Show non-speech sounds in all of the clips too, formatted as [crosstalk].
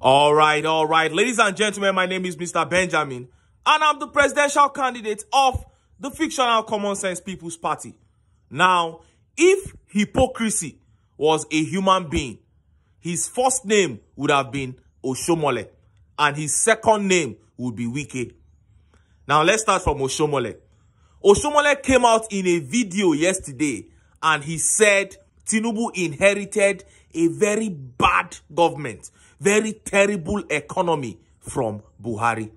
All right, all right. Ladies and gentlemen, my name is Mr. Benjamin, and I'm the presidential candidate of the fictional Common Sense People's Party. Now, if hypocrisy was a human being, his first name would have been Oshomole, and his second name would be Wicky. Now, let's start from Oshomole. Oshomole came out in a video yesterday, and he said Tinubu inherited a very bad government very terrible economy from Buhari.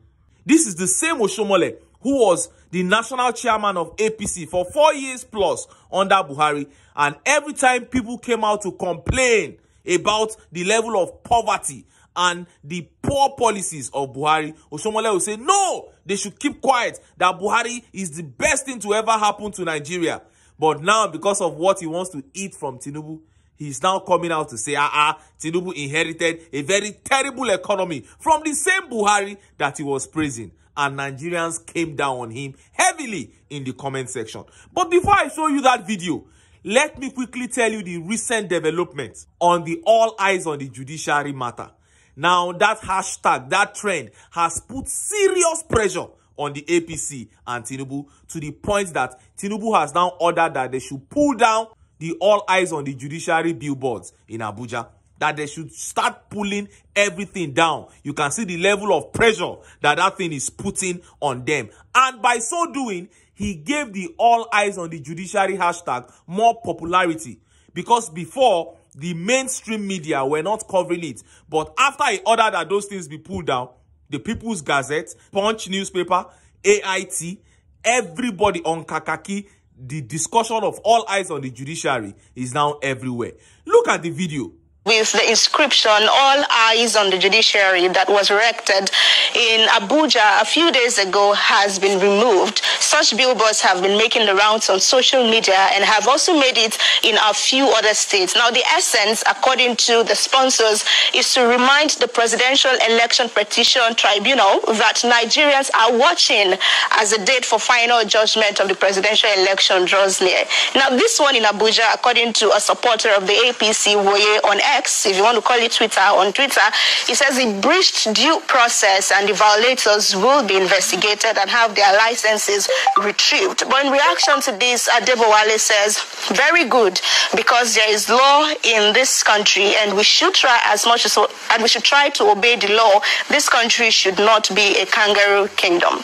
This is the same Oshomole who was the national chairman of APC for four years plus under Buhari. And every time people came out to complain about the level of poverty and the poor policies of Buhari, Oshomole would say, no, they should keep quiet, that Buhari is the best thing to ever happen to Nigeria. But now, because of what he wants to eat from Tinubu, He's now coming out to say, ah, ah, Tinubu inherited a very terrible economy from the same Buhari that he was praising. And Nigerians came down on him heavily in the comment section. But before I show you that video, let me quickly tell you the recent developments on the all eyes on the judiciary matter. Now, that hashtag, that trend has put serious pressure on the APC and Tinubu to the point that Tinubu has now ordered that they should pull down the all eyes on the judiciary billboards in Abuja that they should start pulling everything down. You can see the level of pressure that that thing is putting on them. And by so doing, he gave the all eyes on the judiciary hashtag more popularity because before the mainstream media were not covering it. But after he ordered that those things be pulled down, the People's Gazette, Punch newspaper, AIT, everybody on Kakaki the discussion of all eyes on the judiciary is now everywhere. Look at the video. with the inscription All Eyes on the Judiciary that was erected in Abuja a few days ago has been removed. Such billboards have been making the rounds on social media and have also made it in a few other states. Now, the essence, according to the sponsors, is to remind the Presidential Election Petition Tribunal that Nigerians are watching as the date for final judgment of the presidential election draws near. Now, this one in Abuja, according to a supporter of the APC, Woye, on X, if you want to call it Twitter, on Twitter, he says it breached due process and the violators will be investigated and have their licenses retrieved. But in reaction to this, Adebowale says, very good, because there is law in this country and we should try as much as, and we should try to obey the law. This country should not be a kangaroo kingdom.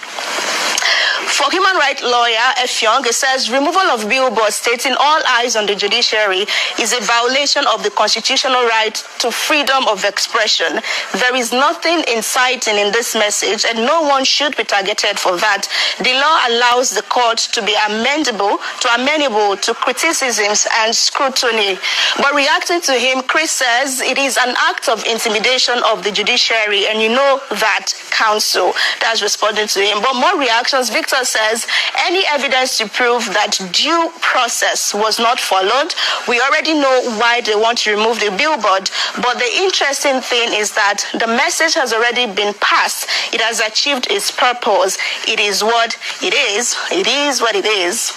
For human rights lawyer F. Young, it says removal of billboards stating all eyes on the judiciary is a violation of the constitutional right to freedom of expression. There is nothing inciting in this message, and no one should be targeted for that. The law allows the court to be amendable, to amenable to criticisms and scrutiny. But reacting to him, Chris says it is an act of intimidation of the judiciary, and you know that council. That's responding to him. But more reactions, Victor any evidence to prove that due process was not followed. We already know why they want to remove the billboard, but the interesting thing is that the message has already been passed. It has achieved its purpose. It is what it is. It is what it is.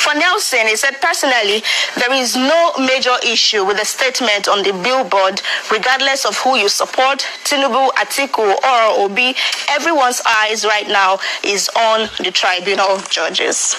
For Nelson, he said personally, there is no major issue with the statement on the billboard, regardless of who you support, Tinubu, Atiku, or Obi. Everyone's eyes right now is on the tribunal judges.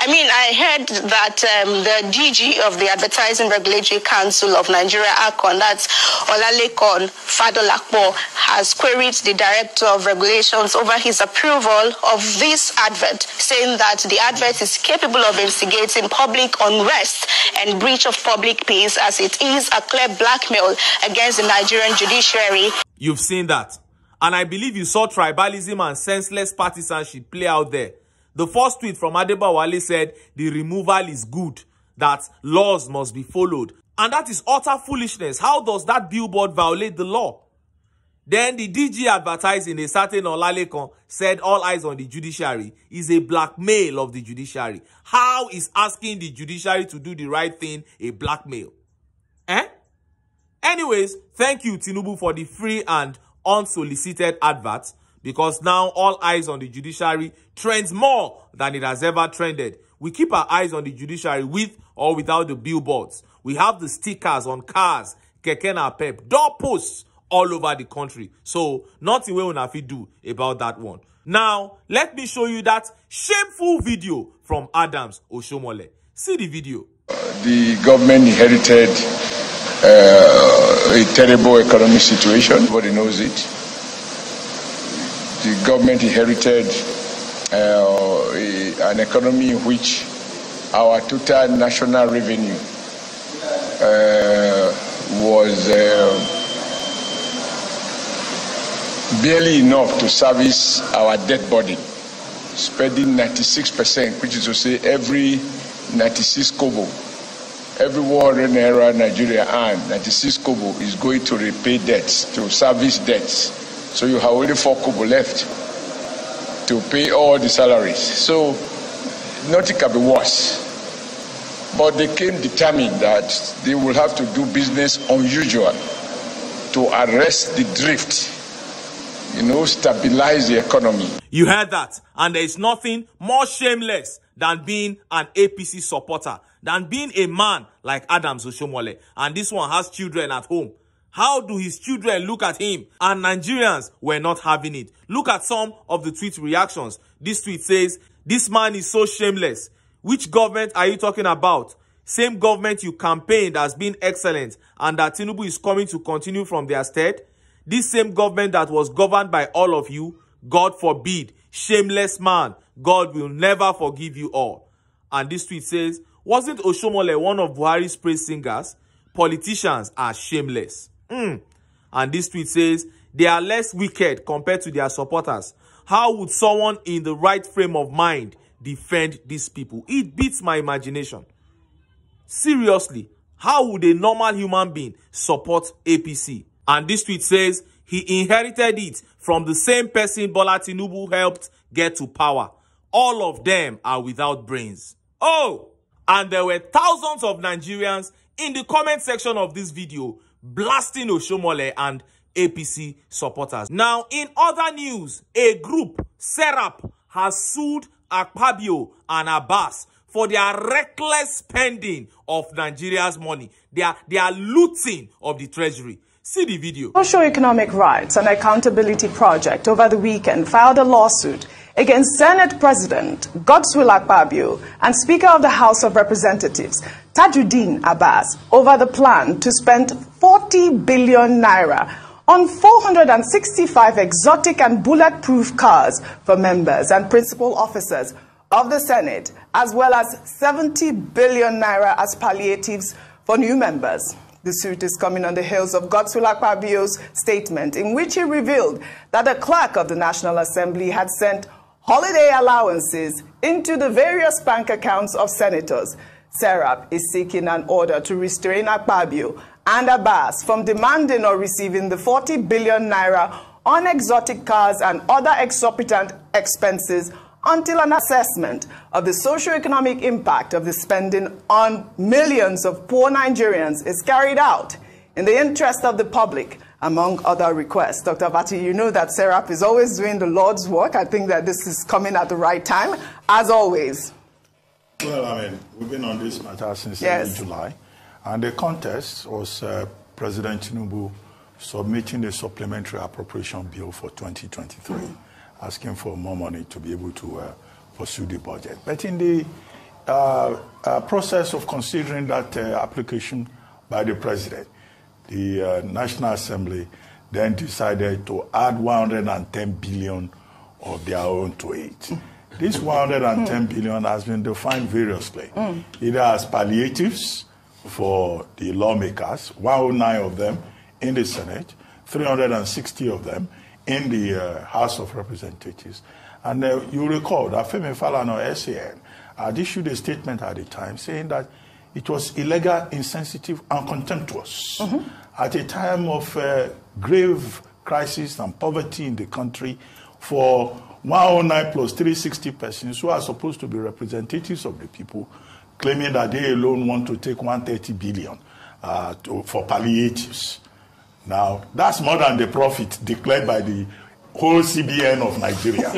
I mean, I heard that um, the DG of the Advertising Regulatory Council of Nigeria, ACON, that's Olalekon Fadolakpo, has queried the Director of Regulations over his approval of this advert, saying that the advert is capable of instigating public unrest and breach of public peace as it is a clear blackmail against the Nigerian judiciary. You've seen that. And I believe you saw tribalism and senseless partisanship play out there. The first tweet from Wale said, the removal is good, that laws must be followed. And that is utter foolishness. How does that billboard violate the law? Then the DG advertising a certain Olalekan said all eyes on the judiciary is a blackmail of the judiciary. How is asking the judiciary to do the right thing a blackmail? Eh? Anyways, thank you Tinubu for the free and unsolicited adverts. because now all eyes on the judiciary trends more than it has ever trended. We keep our eyes on the judiciary with or without the billboards. We have the stickers on cars, kekena pep, doorposts all over the country. So nothing we una fit do about that one. Now, let me show you that shameful video from Adams Oshomole. See the video. The government inherited uh, a terrible economic situation. Everybody knows it the government inherited uh, an economy in which our total national revenue uh, was uh, barely enough to service our debt burden, spending 96%, which is to say every 96 kobo, every 100 naira Nigeria earned, 96 kobo is going to repay debts, to service debts. So you have only four kobo left to pay all the salaries. So nothing can be worse. But they came determined that they will have to do business unusual to arrest the drift you know, stabilize the economy. You heard that. And there is nothing more shameless than being an APC supporter, than being a man like Adams Oshomole. And this one has children at home. How do his children look at him? And Nigerians were not having it. Look at some of the tweet reactions. This tweet says, this man is so shameless. Which government are you talking about? Same government you campaigned as being excellent and that Tinubu is coming to continue from their stead? This same government that was governed by all of you? God forbid. Shameless man. God will never forgive you all. And this tweet says, wasn't Oshomole one of Buhari's praise singers? Politicians are shameless. Mm. And this tweet says, they are less wicked compared to their supporters. How would someone in the right frame of mind defend these people? It beats my imagination. Seriously, how would a normal human being support APC? And this tweet says, he inherited it from the same person Bola Tinubu helped get to power. All of them are without brains. Oh! And there were thousands of Nigerians in the comment section of this video blasting Oshomole and APC supporters. Now, in other news, a group, Serap, has sued Akpabio and Abbas for their reckless spending of Nigeria's money, they are looting of the treasury. See the video. Social Economic Rights and Accountability Project over the weekend filed a lawsuit against Senate President Godswill Akpabio and Speaker of the House of Representatives Tajuddin Abbas over the plan to spend 40 billion naira on 465 exotic and bulletproof cars for members and principal officers of the Senate, as well as 70 billion naira as palliatives for new members. The suit is coming on the heels of Godswill Pabio's statement, in which he revealed that a clerk of the National Assembly had sent holiday allowances into the various bank accounts of senators, Serap is seeking an order to restrain Akpabio and Abbas from demanding or receiving the 40 billion naira on exotic cars and other exorbitant expenses until an assessment of the socio-economic impact of the spending on millions of poor Nigerians is carried out in the interest of the public, among other requests. Dr. Vati, you know that Serap is always doing the Lord's work. I think that this is coming at the right time, as always. Well, I mean, we've been on this matter since uh, yes. July, and the contest was uh, President Tinubu submitting the supplementary appropriation bill for 2023, mm. Mm-hmm. asking for more money to be able to uh, pursue the budget. But in the uh, uh process of considering that uh, application by the president, the National Assembly then decided to add 110 billion of their own to it. Mm. This 110 billion has been defined variously, mm. either as palliatives for the lawmakers, 109 of them in the Senate, 360 of them in the uh, House of Representatives. And uh, you recall that Femi Falana SAN had issued a statement at the time saying that it was illegal, insensitive, and contemptuous mm -hmm. at a time of uh, grave crisis and poverty in the country for 109 plus 360 persons who are supposed to be representatives of the people, claiming that they alone want to take 130 billion uh, to, for palliatives. Now, that's more than the profit declared by the whole CBN of Nigeria,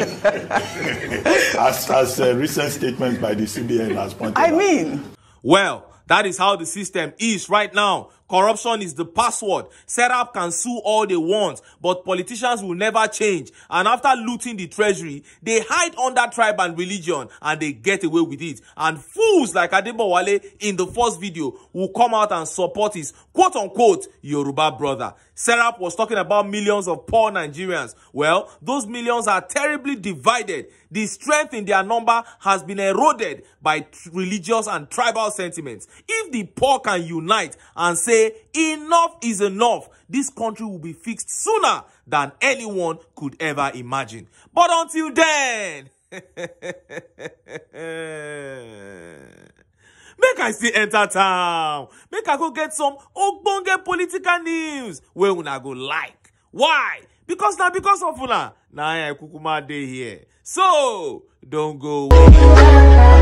[laughs] as, as a uh, recent statements by the CBN has pointed out. I mean, well, that is how the system is right now. Corruption is the password. up can sue all they want, but politicians will never change. And after looting the treasury, they hide under tribe and religion and they get away with it. And fools like Adebowale in the first video will come out and support his quote-unquote Yoruba brother. Serap was talking about millions of poor Nigerians. Well, those millions are terribly divided. The strength in their number has been eroded by religious and tribal sentiments. If the poor can unite and say say enough is enough. This country will be fixed sooner than anyone could ever imagine. But until then, [laughs] make i still enter town make i go get some ogbonge political news wey una go like why because now because of una Now i kukuma day here so don't go away.